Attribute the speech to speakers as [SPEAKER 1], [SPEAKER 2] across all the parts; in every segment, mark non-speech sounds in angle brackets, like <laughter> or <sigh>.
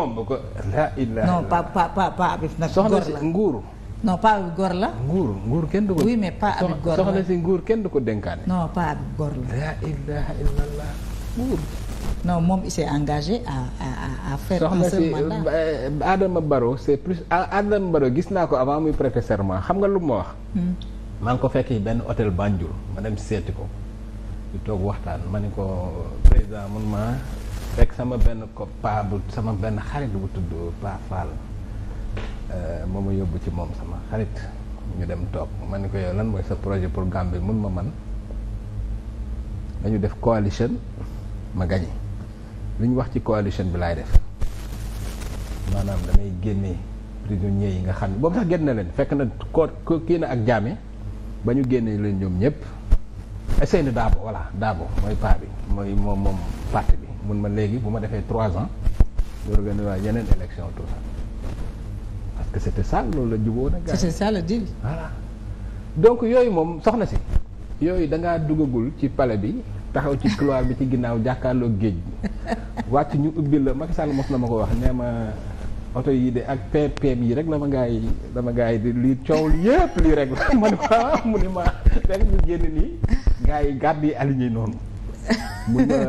[SPEAKER 1] non bu ko la ilaha non la. nguur nguur kenn du ko. oui mais pas Habib góor la soxna si nguur kenn du ko dénkaane. non pas Habib góor la. la ilaha illallah nguur. non moom il s'est engagé à à à faire un seul euh, euh, naa ko avant muy prêter xam nga lu ma wax. Hmm. maa ngi ko fekk benn hôtel Banjul ma dem seeti ko. ñu toog waxtaan ma ne ko président mun ma fekk sama benn ko paa bu sama benn xarit bu tudd Paa Fall euh, moo ma yóbbu ci moom sama xarit ñu dem toog man ne ko yow lan mooy sa projet pour Gambie mun ma man dañu def coalition ma gañe lu ñu wax ci coalition bi laay def maanaam damay génne prisonniers yi nga xam ne boobu sax génne leen fekk na ko kii na ak jaame ba ñu génne leen ñoom ñëpp essayé na daabo voilà daabo mooy paa bi mooy moom moom parti bi mun ma léegi bu ma defee trois ans organiser waa yeneen élection tout ça parce que c'était ça loolu la juboo nag gars c'était ça le donc yooyu moom soxna si yooyu da ngaa duggagul ci pale bi taxaw ci couloir bi ci ginnaaw jàkkaarloo géej <laughs> wàcc ñu ubbi la mag Sall mos na ma ko wax nee ma oto yi de ak PPM yi rek la ma dama yi gaa yi di lii coow li yëpp lii rek la man <laughs> ma ah, mu ni ma rek ñu génn nii gaa yi garde noonu <laughs> mun ma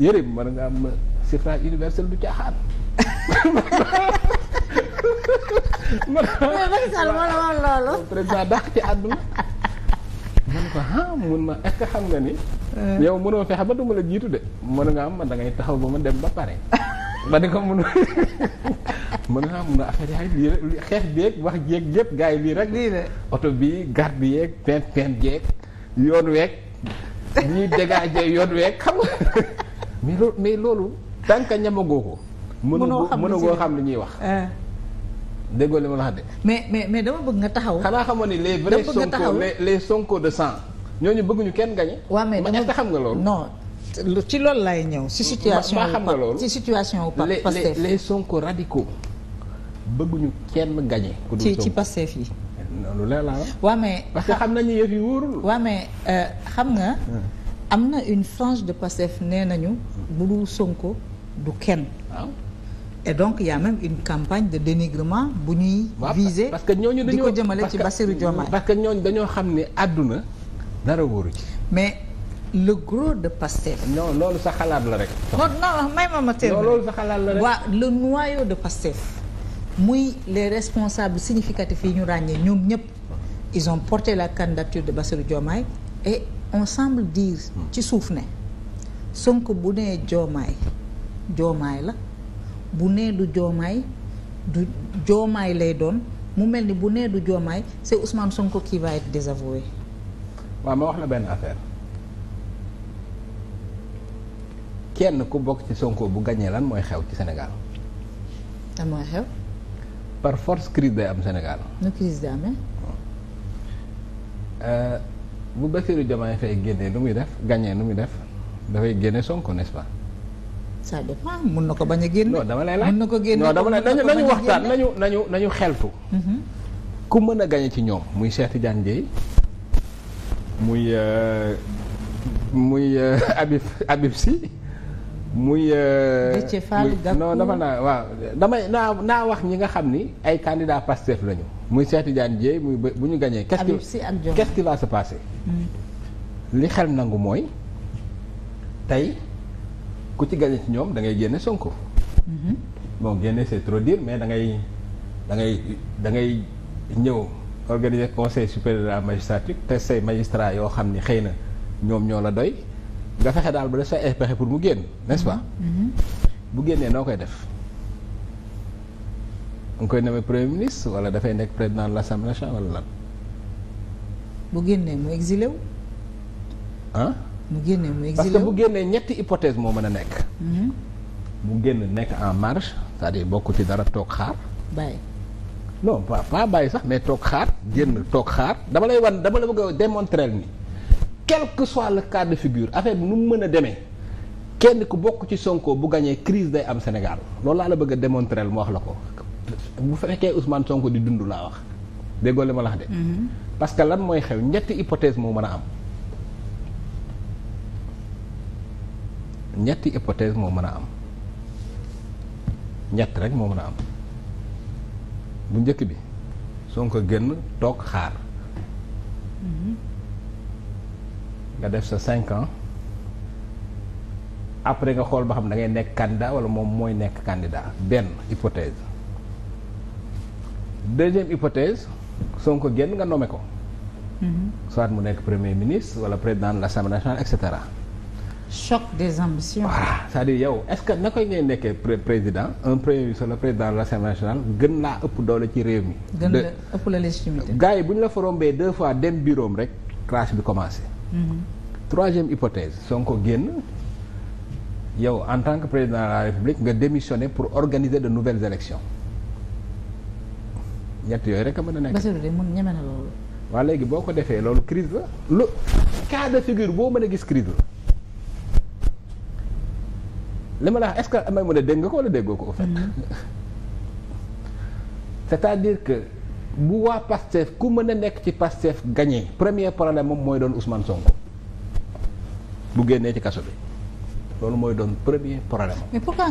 [SPEAKER 1] yëre bi mën nga am suffrage universel du caaxaan. man loolu. président dàq ci àdduna. man ko ah ma xam nga ni. Euh. yow mënoo fexe ba duma la jiitu de mën nga am man da ngay taxaw ba ma dem ba pare. ba di ko mun <laughs> mën naa yaay lii rek xeex jéeg wax jéeg yëpp gars bii lii rek. lii de oto bii garde yeeg pimp pimp jeeg yoon weeg. ñuy dégagé yoon weeg xam <laughs> mais loolu mais loolu tant que ñamagoo ko. mënoo xam mënoo xam li ñuy wax. Ah. déggoo li ma la wax de. mais mais mais dama bëgg nga taxaw. xanaa xamoon ni les vrais sonko les les sonko de sang ñooñu bëgguñu kenn gañe. waaw mais dama ma xam nga loolu. non ci loolu laay ñëw. si situation wu xam loolu ci situation wu par les les sonko radicaux bëgguñu kenn gañe. ku ci ci Pastef yi. loolu leer la mais. parce que xam nañu yëf yu wóorul. waaw mais euh, xam nga. Ah. am na une frange de Pastef nee nañu bu dul Sonko du kenn et donc yaa y a une campagne de dénigrement bu ñuy viser parce que ñooñu di ko jëmale ci Bassirou Diomaye parce que ñooñu dañoo xam ne àdduna dara wóoru ci mais le gros de loolu sa xalaat la rek non non may ma ma loolu sa xalaat la rek waa le noyau de Pastef muy les responsables significatifs yi ñu ràññee ñoom ñëpp ils ont porté la candidature de Bassirou Diomaye on semble dire hmm. ci suuf ne Sonko bu nee joomaay joomaay la bu nee du joomaay du joomaay lay doon mu mel ni bu nee du joomaay c'est Ousmane Sonko qui va être désavoué. waaw ma wax la benn affaire kenn ku bokk ci Sonko bu gañee lan mooy xew ci senegal lan mooy xew. par force crise day am Sénégal. nu crise day amee. Euh, bu Bassirou Diomaye Faye génnee nu muy def gañee nu muy def dafay génne Sonko n'est-ce pas. ça mun na ko bañ a génne. non dama lay laaj mun na ko génne dama lay nañu nañu waxtaan nañu nañu nañu xeltu. Mhm. ku mën a gagné ci ñoom muy Cheikh Tidiane muy euh, muy euh, Habib Habib Sy. muy. Euh, Déthié dama naa waaw damay naa naa wax ñi nga xam ni ay candidats Pastef lañu. muy Cheikh Tidiane Dièye muy bu ñu gañee qu'est-ce qu'est-ce qui va se passer li xel nangu mooy tey ku ci gañe ci ñoom da ngay génne Sonko mhm. bon génne c'est trop dire mais da ngay da ngay da ñëw organiser conseil supérieur de la magistrature te say magistrat yoo xam ni xëy na ñoom ñoo la doy nga fexe daal ba def sa ay pexe pour mu génn n'est-ce mhm. Mhm. bu génnee noo koy def nga koy nommé premier ministre wala dafay nekk président la l'Assemblée nationale wala lan. bu génnee mu exilé wu. ah. mu génnee parce que bu génnee ñetti hypothèse moo mën a nekk. Mhm. mu génn nekk en marge cest à bokk ci dara toog xaar. bàyyi. non pas bàyyi sax mais toog xaar génn toog xaar dama lay wan dama la bëgg a démontrer ni quel que soit le cas de figure affaire bi nu mu mën a demee kenn ku bokk ci Sonko bu gañee crise day am Sénégal loolu laa la bëgg a démontrer mu wax la ko. bu fekkee Ousmane Sonko di dund laa wax déggoo li ma lax de. Mhm. parce que lan mooy xew ñetti hypothèse moo mën a am. ñetti hypothèse moo mën a am ñett rek moo mën a am bu njëkk bi sonk génn toog xaar. Mhm. nga def sa cinq ans après nga xool ba xam da ngay nekk candidat wala moom mooy nekk candidat benn hypothèse. deuxième hypothèse Sonko génn nga nommé ko. Mhm. soit mu nekk premier ministre wala président la l'Assemblée nationale et cetera. choc des ambitions. voilà cest à yow est-ce que na koy ngay nekkee président un premier ministre wala président de l'Assemblée nationale gën laa ëpp doole ci réew mi. gën la ëpp gars yi bu ñu la fa rombee deux fois dem bureau am rek clash bi commencé. Mhm. troisième hypothèse Sonko génn. yow en tant que président de la République nga démissionné pour organiser de nouvelles élections ñett yooyu rek a mën a nekk. Bassirou de mun ñeme na loolu. waaw léegi boo ko defee loolu crise la lu cas de figure boo mën a gis crise la li ma la wax est-ce que may mën a dégg nga ko wala déggoo ko. au fait mm-hmm. <laughs> c'est-à-dire que bu waa Pastef ku mën a nekk ci Pastef gagné premier problème moom mooy doon Ousmane Sonko bu génnee ci kaso bi loolu mooy doon premier problème. mais pourquoi